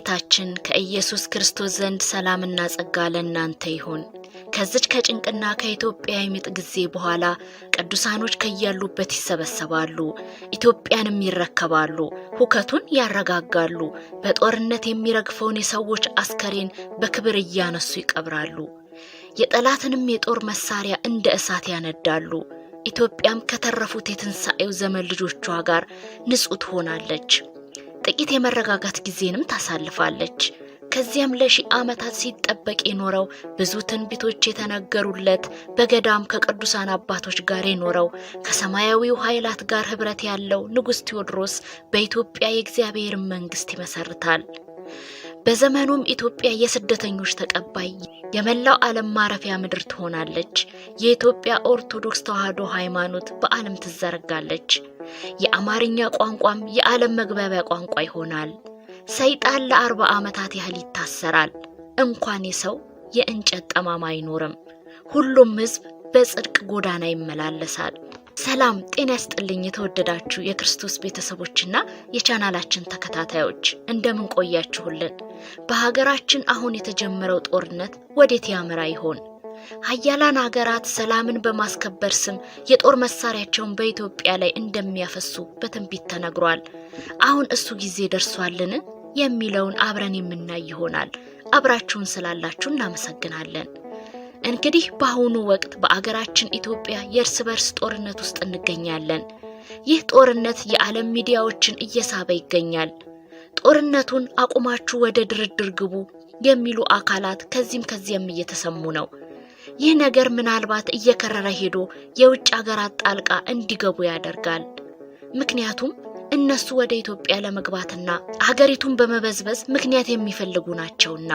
ከጌታችን ከኢየሱስ ክርስቶስ ዘንድ ሰላምና ጸጋ ለእናንተ ይሁን። ከዚች ከጭንቅና ከኢትዮጵያ የምጥ ጊዜ በኋላ ቅዱሳኖች ከያሉበት ይሰበሰባሉ፣ ኢትዮጵያንም ይረከባሉ፣ ሁከቱን ያረጋጋሉ፣ በጦርነት የሚረግፈውን የሰዎች አስከሬን በክብር እያነሱ ይቀብራሉ፣ የጠላትንም የጦር መሳሪያ እንደ እሳት ያነዳሉ። ኢትዮጵያም ከተረፉት የትንሣኤው ዘመን ልጆቿ ጋር ንጹሕ ትሆናለች። ጥቂት የመረጋጋት ጊዜንም ታሳልፋለች። ከዚያም ለሺህ ዓመታት ሲጠበቅ የኖረው ብዙ ትንቢቶች የተነገሩለት በገዳም ከቅዱሳን አባቶች ጋር የኖረው ከሰማያዊው ኃይላት ጋር ኅብረት ያለው ንጉሥ ቴዎድሮስ በኢትዮጵያ የእግዚአብሔርን መንግሥት ይመሰርታል። በዘመኑም ኢትዮጵያ የስደተኞች ተቀባይ የመላው ዓለም ማረፊያ ምድር ትሆናለች። የኢትዮጵያ ኦርቶዶክስ ተዋሕዶ ሃይማኖት በዓለም ትዘረጋለች። የአማርኛ ቋንቋም የዓለም መግባቢያ ቋንቋ ይሆናል። ሰይጣን ለአርባ ዓመታት ያህል ይታሰራል። እንኳን የሰው የእንጨት ጠማማ አይኖርም። ሁሉም ሕዝብ በጽድቅ ጎዳና ይመላለሳል። ሰላም ጤና ያስጥልኝ። የተወደዳችሁ የክርስቶስ ቤተሰቦችና የቻናላችን ተከታታዮች እንደምን ቆያችሁልን? በሀገራችን አሁን የተጀመረው ጦርነት ወዴት ያመራ ይሆን? ሀያላን ሀገራት ሰላምን በማስከበር ስም የጦር መሳሪያቸውን በኢትዮጵያ ላይ እንደሚያፈሱ በትንቢት ተነግሯል። አሁን እሱ ጊዜ ደርሷልን የሚለውን አብረን የምናይ ይሆናል። አብራችሁን ስላላችሁ እናመሰግናለን። እንግዲህ በአሁኑ ወቅት በአገራችን ኢትዮጵያ የእርስ በርስ ጦርነት ውስጥ እንገኛለን። ይህ ጦርነት የዓለም ሚዲያዎችን እየሳበ ይገኛል። ጦርነቱን አቁማችሁ ወደ ድርድር ግቡ የሚሉ አካላት ከዚህም ከዚያም እየተሰሙ ነው። ይህ ነገር ምናልባት እየከረረ ሄዶ የውጭ አገራት ጣልቃ እንዲገቡ ያደርጋል። ምክንያቱም እነሱ ወደ ኢትዮጵያ ለመግባትና አገሪቱን በመበዝበዝ ምክንያት የሚፈልጉ ናቸውና።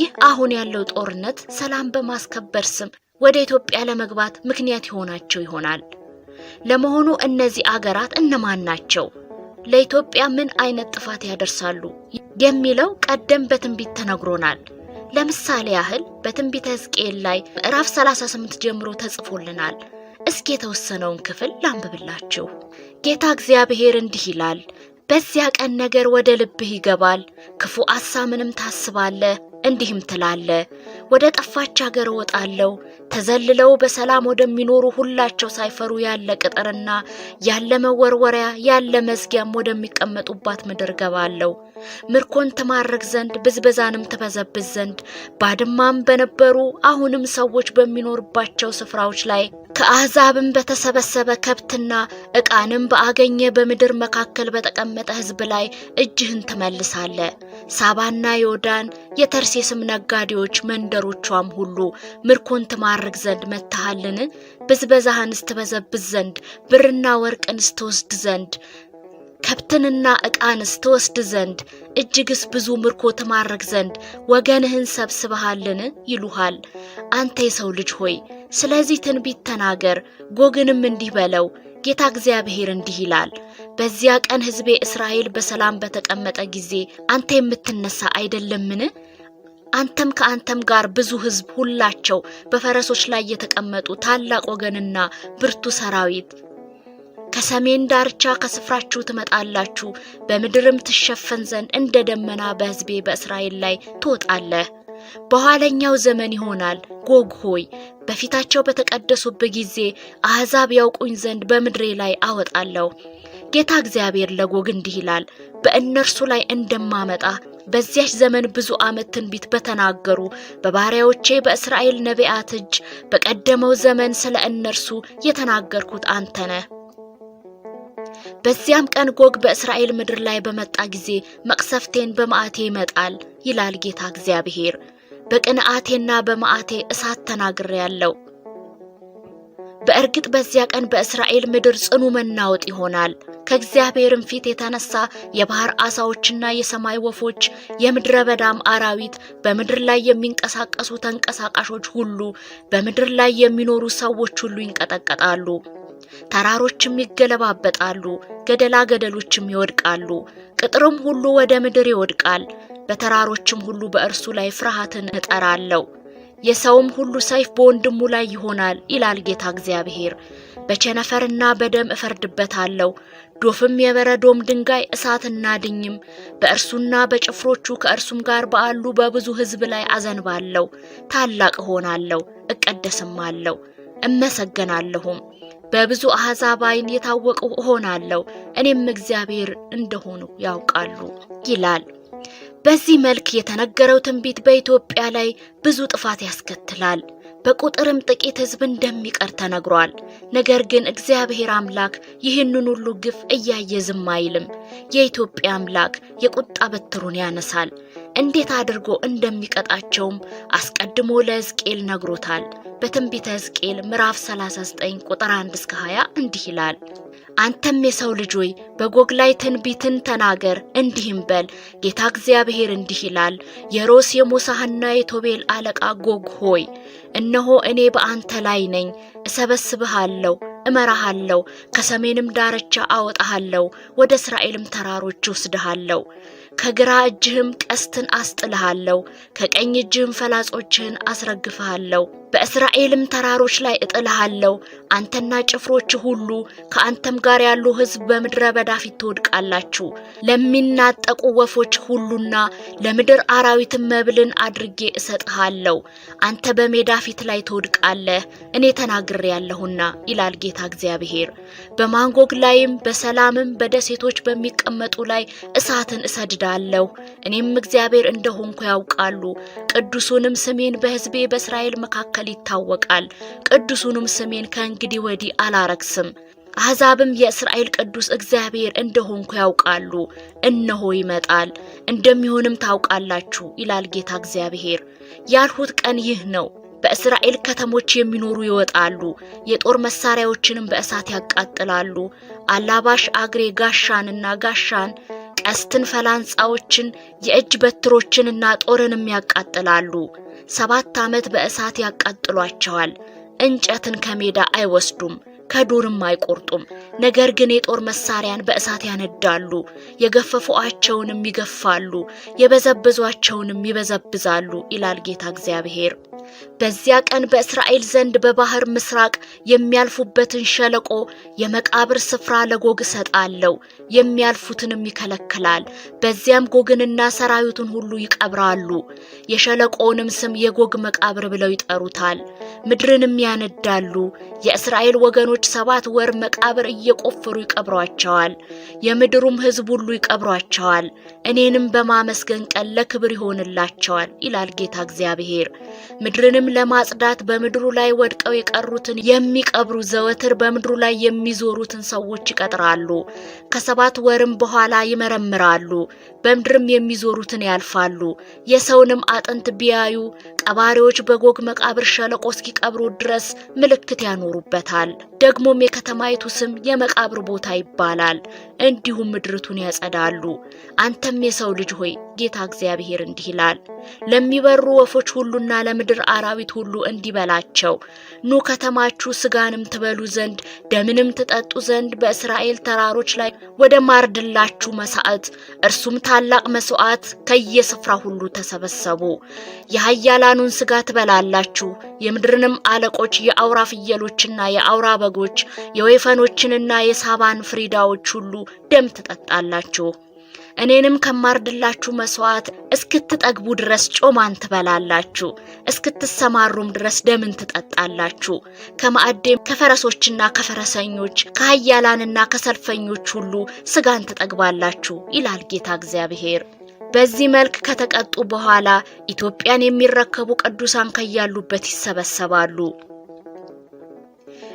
ይህ አሁን ያለው ጦርነት ሰላም በማስከበር ስም ወደ ኢትዮጵያ ለመግባት ምክንያት ይሆናቸው ይሆናል። ለመሆኑ እነዚህ አገራት እነማን ናቸው? ለኢትዮጵያ ምን አይነት ጥፋት ያደርሳሉ? የሚለው ቀደም በትንቢት ተነግሮናል። ለምሳሌ ያህል በትንቢተ ሕዝቅኤል ላይ ምዕራፍ 38 ጀምሮ ተጽፎልናል። እስኪ የተወሰነውን ክፍል ላንብብላችሁ። ጌታ እግዚአብሔር እንዲህ ይላል፣ በዚያ ቀን ነገር ወደ ልብህ ይገባል፣ ክፉ ምንም ታስባለህ እንዲህም ትላለ፣ ወደ ጠፋች አገር እወጣለሁ። ተዘልለው በሰላም ወደሚኖሩ ሁላቸው ሳይፈሩ ያለ ቅጥርና ያለ መወርወሪያ ያለ መዝጊያም ወደሚቀመጡባት ምድር ገባለሁ። ምርኮን ትማርክ ዘንድ ብዝበዛንም ትበዘብዝ ዘንድ ባድማም በነበሩ አሁንም ሰዎች በሚኖርባቸው ስፍራዎች ላይ ከአሕዛብም በተሰበሰበ ከብትና ዕቃንም በአገኘ በምድር መካከል በተቀመጠ ሕዝብ ላይ እጅህን ትመልሳለ። ሳባና ዮዳን የተርሴስም ነጋዴዎች መንደሮቿም ሁሉ ምርኮን ትማርክ ዘንድ መጥተሃልን? ብዝበዛህን ስትበዘብዝ ዘንድ ብርና ወርቅን ስትወስድ ዘንድ ከብትንና ዕቃንስ ትወስድ ዘንድ እጅግስ ብዙ ምርኮ ትማረክ ዘንድ ወገንህን ሰብስበሃልን ይሉሃል። አንተ የሰው ልጅ ሆይ ስለዚህ ትንቢት ተናገር፣ ጎግንም እንዲህ በለው ጌታ እግዚአብሔር እንዲህ ይላል፣ በዚያ ቀን ሕዝቤ እስራኤል በሰላም በተቀመጠ ጊዜ አንተ የምትነሳ አይደለምን? አንተም ከአንተም ጋር ብዙ ሕዝብ ሁላቸው በፈረሶች ላይ የተቀመጡ ታላቅ ወገንና ብርቱ ሰራዊት ከሰሜን ዳርቻ ከስፍራችሁ ትመጣላችሁ፣ በምድርም ትሸፈን ዘንድ እንደ ደመና በሕዝቤ በእስራኤል ላይ ትወጣለህ። በኋለኛው ዘመን ይሆናል፣ ጎግ ሆይ በፊታቸው በተቀደሱበት ጊዜ አሕዛብ ያውቁኝ ዘንድ በምድሬ ላይ አወጣለሁ። ጌታ እግዚአብሔር ለጎግ እንዲህ ይላል፣ በእነርሱ ላይ እንደማመጣ በዚያች ዘመን ብዙ ዓመት ትንቢት በተናገሩ በባሪያዎቼ በእስራኤል ነቢያት እጅ በቀደመው ዘመን ስለ እነርሱ የተናገርኩት አንተ ነህ። በዚያም ቀን ጎግ በእስራኤል ምድር ላይ በመጣ ጊዜ መቅሰፍቴን በመዓቴ ይመጣል ይላል ጌታ እግዚአብሔር። በቅንዓቴና በመዓቴ እሳት ያለው በእርግጥ በዚያ ቀን በእስራኤል ምድር ጽኑ መናወጥ ይሆናል። ከእግዚአብሔርም ፊት የተነሳ የባህር ዓሣዎችና የሰማይ ወፎች፣ የምድረ በዳም አራዊት፣ በምድር ላይ የሚንቀሳቀሱ ተንቀሳቃሾች ሁሉ፣ በምድር ላይ የሚኖሩ ሰዎች ሁሉ ይንቀጠቀጣሉ። ተራሮችም ይገለባበጣሉ፣ ገደላ ገደሎችም ይወድቃሉ፣ ቅጥርም ሁሉ ወደ ምድር ይወድቃል። በተራሮችም ሁሉ በእርሱ ላይ ፍርሃትን እጠራለሁ። የሰውም ሁሉ ሰይፍ በወንድሙ ላይ ይሆናል ይላል ጌታ እግዚአብሔር። በቸነፈርና በደም እፈርድበታለሁ፣ ዶፍም የበረዶም ድንጋይ እሳትና ድኝም በእርሱና በጭፍሮቹ ከእርሱም ጋር ባሉ በብዙ ሕዝብ ላይ አዘንባለሁ። ታላቅ እሆናለሁ፣ እቀደስማለሁ፣ እመሰገናለሁም። በብዙ አሕዛብ ዓይን የታወቁ እሆናለሁ እኔም እግዚአብሔር እንደሆኑ ያውቃሉ ይላል። በዚህ መልክ የተነገረው ትንቢት በኢትዮጵያ ላይ ብዙ ጥፋት ያስከትላል። በቁጥርም ጥቂት ሕዝብ እንደሚቀር ተነግሯል። ነገር ግን እግዚአብሔር አምላክ ይህንን ሁሉ ግፍ እያየ ዝም አይልም። የኢትዮጵያ አምላክ የቁጣ በትሩን ያነሳል። እንዴት አድርጎ እንደሚቀጣቸውም አስቀድሞ ለሕዝቅኤል ነግሮታል። በትንቢተ ሕዝቅኤል ምዕራፍ 39 ቁጥር 1 እስከ 20 እንዲህ ይላል። አንተም የሰው ልጅ ሆይ በጎግ ላይ ትንቢትን ተናገር፣ እንዲህም በል ጌታ እግዚአብሔር እንዲህ ይላል፣ የሮስ የሞሳህና የቶቤል አለቃ ጎግ ሆይ እነሆ እኔ በአንተ ላይ ነኝ። እሰበስብሃለሁ፣ እመራሃለሁ፣ ከሰሜንም ዳርቻ አወጣሃለሁ፣ ወደ እስራኤልም ተራሮች ወስድሃለሁ። ከግራ እጅህም ቀስትን አስጥልሃለሁ፣ ከቀኝ እጅህም ፈላጾችህን አስረግፍሃለሁ። በእስራኤልም ተራሮች ላይ እጥልሃለሁ። አንተና ጭፍሮች ሁሉ ከአንተም ጋር ያሉ ሕዝብ በምድረ በዳ ፊት ትወድቃላችሁ። ለሚናጠቁ ወፎች ሁሉና ለምድር አራዊትም መብልን አድርጌ እሰጥሃለሁ። አንተ በሜዳ ፊት ላይ ትወድቃለህ፣ እኔ ተናግሬያለሁና ይላል ጌታ እግዚአብሔር። በማንጎግ ላይም በሰላምም በደሴቶች በሚቀመጡ ላይ እሳትን እሰድዳለሁ እወስዳለሁ። እኔም እግዚአብሔር እንደሆንኩ ያውቃሉ። ቅዱሱንም ስሜን በሕዝቤ በእስራኤል መካከል ይታወቃል። ቅዱሱንም ስሜን ከእንግዲህ ወዲህ አላረክስም። አሕዛብም የእስራኤል ቅዱስ እግዚአብሔር እንደሆንኩ ያውቃሉ። እነሆ ይመጣል፣ እንደሚሆንም ታውቃላችሁ ይላል ጌታ እግዚአብሔር። ያልሁት ቀን ይህ ነው። በእስራኤል ከተሞች የሚኖሩ ይወጣሉ፣ የጦር መሳሪያዎችንም በእሳት ያቃጥላሉ። አላባሽ አግሬ ጋሻንና ጋሻን ቀስትን፣ ፈላንጻዎችን፣ የእጅ በትሮችንና ጦርንም ያቃጥላሉ። ሰባት ዓመት በእሳት ያቃጥሏቸዋል። እንጨትን ከሜዳ አይወስዱም፣ ከዱርም አይቆርጡም። ነገር ግን የጦር መሳሪያን በእሳት ያነዳሉ፣ የገፈፉአቸውንም ይገፋሉ፣ የበዘበዟቸውንም ይበዘብዛሉ ይላል ጌታ እግዚአብሔር። በዚያ ቀን በእስራኤል ዘንድ በባህር ምስራቅ የሚያልፉበትን ሸለቆ የመቃብር ስፍራ ለጎግ እሰጣለሁ፣ የሚያልፉትንም ይከለክላል። በዚያም ጎግንና ሰራዊቱን ሁሉ ይቀብራሉ። የሸለቆውንም ስም የጎግ መቃብር ብለው ይጠሩታል። ምድርንም ያነዳሉ። የእስራኤል ወገኖች ሰባት ወር መቃብር እየቆፈሩ ይቀብሯቸዋል። የምድሩም ሕዝብ ሁሉ ይቀብሯቸዋል። እኔንም በማመስገን ቀን ለክብር ይሆንላቸዋል ይላል ጌታ እግዚአብሔር። ምድርንም ለማጽዳት በምድሩ ላይ ወድቀው የቀሩትን የሚቀብሩ ዘወትር በምድሩ ላይ የሚዞሩትን ሰዎች ይቀጥራሉ። ከሰባት ወርም በኋላ ይመረምራሉ። በምድርም የሚዞሩትን ያልፋሉ። የሰውንም አጥንት ቢያዩ ቀባሪዎች በጎግ መቃብር ሸለቆ እስኪቀብሩ ድረስ ምልክት ያኖሩበታል። ደግሞም የከተማይቱ ስም የመቃብር ቦታ ይባላል። እንዲሁም ምድርቱን ያጸዳሉ። አንተም የሰው ልጅ ሆይ ጌታ እግዚአብሔር እንዲህ ይላል፣ ለሚበሩ ወፎች ሁሉና ለምድር አራዊት ሁሉ እንዲበላቸው ኑ ከተማችሁ ስጋንም ትበሉ ዘንድ ደምንም ትጠጡ ዘንድ በእስራኤል ተራሮች ላይ ወደ ማርድላችሁ መሳዕት እርሱም ታላቅ መስዋዕት ከየስፍራ ሁሉ ተሰበሰቡ። የኃያላኑን ስጋ ትበላላችሁ፣ የምድርንም አለቆች የአውራ ፍየሎችና የአውራ በጎች የወይፈኖችንና የሳባን ፍሪዳዎች ሁሉ ደም ትጠጣላችሁ። እኔንም ከማርድላችሁ መስዋዕት እስክትጠግቡ ድረስ ጮማን ትበላላችሁ፣ እስክትሰማሩም ድረስ ደምን ትጠጣላችሁ። ከማዕዴም ከፈረሶችና ከፈረሰኞች ከኃያላንና ከሰልፈኞች ሁሉ ስጋን ትጠግባላችሁ ይላል ጌታ እግዚአብሔር። በዚህ መልክ ከተቀጡ በኋላ ኢትዮጵያን የሚረከቡ ቅዱሳን ከያሉበት ይሰበሰባሉ።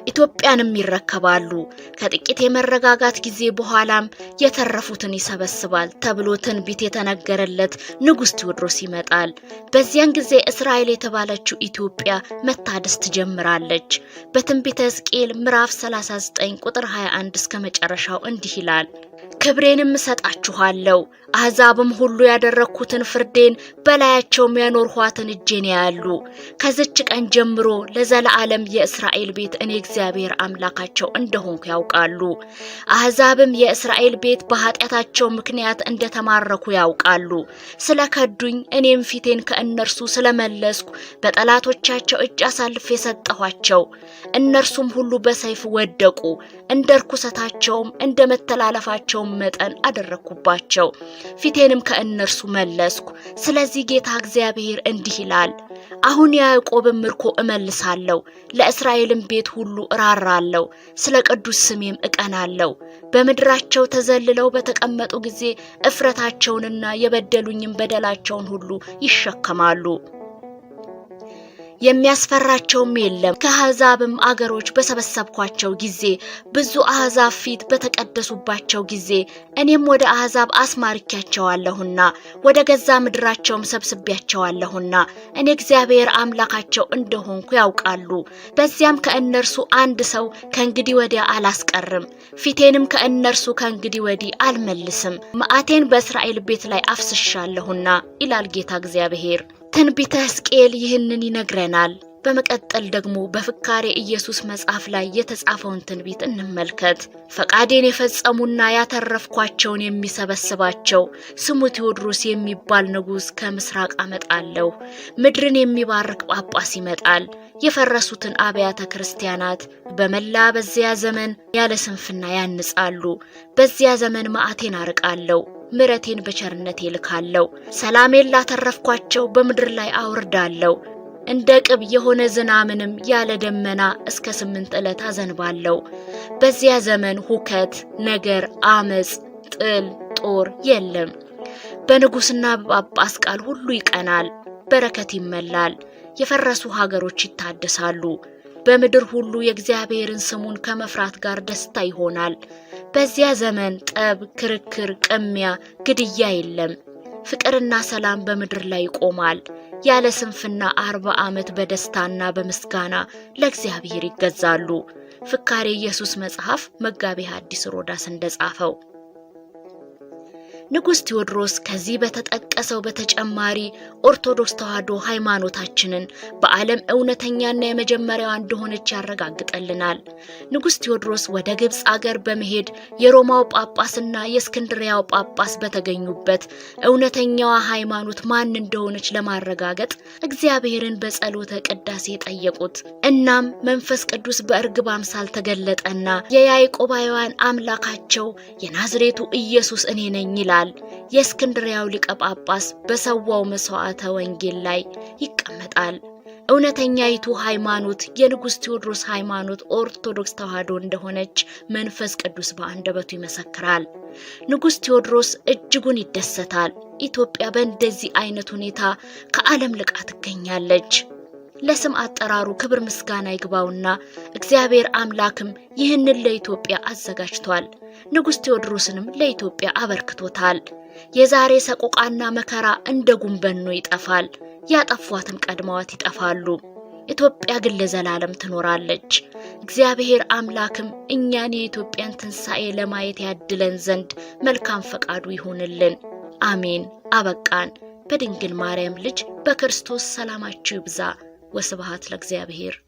ኢትዮጵያንም ይረከባሉ። ከጥቂት የመረጋጋት ጊዜ በኋላም የተረፉትን ይሰበስባል ተብሎ ትንቢት የተነገረለት ንጉሥ ቴዎድሮስ ይመጣል። በዚያን ጊዜ እስራኤል የተባለችው ኢትዮጵያ መታደስ ትጀምራለች። በትንቢተ ሕዝቅኤል ምዕራፍ 39 ቁጥር 21 እስከ መጨረሻው እንዲህ ይላል። ክብሬንም እሰጣችኋለሁ። አሕዛብም ሁሉ ያደረግኩትን ፍርዴን በላያቸውም ያኖርኋትን እጄን ያያሉ። ከዝች ቀን ጀምሮ ለዘላለም የእስራኤል ቤት እኔ እግዚአብሔር አምላካቸው እንደሆንኩ ያውቃሉ። አሕዛብም የእስራኤል ቤት በኃጢአታቸው ምክንያት እንደተማረኩ ያውቃሉ። ስለ ከዱኝ እኔም ፊቴን ከእነርሱ ስለመለስኩ በጠላቶቻቸው እጅ አሳልፍ የሰጠኋቸው፣ እነርሱም ሁሉ በሰይፍ ወደቁ። እንደ ርኩሰታቸውም እንደ መተላለፋቸው በተቻላቸውም መጠን አደረግኩባቸው፣ ፊቴንም ከእነርሱ መለስኩ። ስለዚህ ጌታ እግዚአብሔር እንዲህ ይላል አሁን የያዕቆብን ምርኮ እመልሳለሁ፣ ለእስራኤልም ቤት ሁሉ እራራለሁ፣ ስለ ቅዱስ ስሜም እቀናለሁ። በምድራቸው ተዘልለው በተቀመጡ ጊዜ እፍረታቸውንና የበደሉኝም በደላቸውን ሁሉ ይሸከማሉ። የሚያስፈራቸውም የለም። ከአሕዛብም አገሮች በሰበሰብኳቸው ጊዜ ብዙ አሕዛብ ፊት በተቀደሱባቸው ጊዜ እኔም ወደ አሕዛብ አስማርኪያቸዋለሁና ወደ ገዛ ምድራቸውም ሰብስቢያቸዋለሁና እኔ እግዚአብሔር አምላካቸው እንደሆንኩ ያውቃሉ። በዚያም ከእነርሱ አንድ ሰው ከእንግዲህ ወዲያ አላስቀርም፣ ፊቴንም ከእነርሱ ከእንግዲህ ወዲህ አልመልስም፣ መዓቴን በእስራኤል ቤት ላይ አፍስሻለሁና ይላል ጌታ እግዚአብሔር። ትንቢተ ሕዝቅኤል ይህንን ይነግረናል። በመቀጠል ደግሞ በፍካሬ ኢየሱስ መጽሐፍ ላይ የተጻፈውን ትንቢት እንመልከት። ፈቃዴን የፈጸሙና ያተረፍኳቸውን የሚሰበስባቸው ስሙ ቴዎድሮስ የሚባል ንጉሥ ከምስራቅ አመጣለሁ። ምድርን የሚባርክ ጳጳስ ይመጣል። የፈረሱትን አብያተ ክርስቲያናት በመላ በዚያ ዘመን ያለ ስንፍና ያንጻሉ። በዚያ ዘመን ማዕቴን አርቃለሁ ምረቴን በቸርነት ይልካለሁ ሰላሜን ላተረፍኳቸው በምድር ላይ አውርዳለሁ። እንደ ቅብ የሆነ ዝናምንም ያለ ደመና እስከ ስምንት ዕለት አዘንባለሁ። በዚያ ዘመን ሁከት፣ ነገር፣ አመፅ፣ ጥል፣ ጦር የለም። በንጉሥና በጳጳስ ቃል ሁሉ ይቀናል፣ በረከት ይመላል። የፈረሱ ሀገሮች ይታደሳሉ። በምድር ሁሉ የእግዚአብሔርን ስሙን ከመፍራት ጋር ደስታ ይሆናል። በዚያ ዘመን ጠብ፣ ክርክር፣ ቅሚያ፣ ግድያ የለም። ፍቅርና ሰላም በምድር ላይ ይቆማል። ያለ ስንፍና አርባ ዓመት በደስታና በምስጋና ለእግዚአብሔር ይገዛሉ። ፍካሬ ኢየሱስ መጽሐፍ መጋቤ ሐዲስ ሮዳስ እንደጻፈው ንጉሥ ቴዎድሮስ ከዚህ በተጠቀሰው በተጨማሪ ኦርቶዶክስ ተዋሕዶ ሃይማኖታችንን በዓለም እውነተኛና የመጀመሪያዋ እንደሆነች ያረጋግጠልናል። ንጉሥ ቴዎድሮስ ወደ ግብፅ አገር በመሄድ የሮማው ጳጳስና የእስክንድሪያው ጳጳስ በተገኙበት እውነተኛዋ ሃይማኖት ማን እንደሆነች ለማረጋገጥ እግዚአብሔርን በጸሎተ ቅዳሴ ጠየቁት። እናም መንፈስ ቅዱስ በእርግብ አምሳል ተገለጠና የያዕቆባውያን አምላካቸው የናዝሬቱ ኢየሱስ እኔ ነኝ ይላል። ይላል። የእስክንድሪያው ሊቀ ጳጳስ በሰዋው መሥዋዕተ ወንጌል ላይ ይቀመጣል። እውነተኛይቱ ሃይማኖት የንጉሥ ቴዎድሮስ ሃይማኖት ኦርቶዶክስ ተዋሕዶ እንደሆነች መንፈስ ቅዱስ በአንደበቱ ይመሰክራል። ንጉሥ ቴዎድሮስ እጅጉን ይደሰታል። ኢትዮጵያ በእንደዚህ አይነት ሁኔታ ከዓለም ልቃ ትገኛለች። ለስም አጠራሩ ክብር ምስጋና ይግባውና እግዚአብሔር አምላክም ይህንን ለኢትዮጵያ አዘጋጅቷል። ንጉሥ ቴዎድሮስንም ለኢትዮጵያ አበርክቶታል። የዛሬ ሰቆቃና መከራ እንደ ጉንበኖ ይጠፋል። ያጠፏትም ቀድመዋት ይጠፋሉ። ኢትዮጵያ ግን ለዘላለም ትኖራለች። እግዚአብሔር አምላክም እኛን የኢትዮጵያን ትንሣኤ ለማየት ያድለን ዘንድ መልካም ፈቃዱ ይሁንልን። አሜን። አበቃን። በድንግል ማርያም ልጅ በክርስቶስ ሰላማችሁ ይብዛ። وسبحات لك زيابهير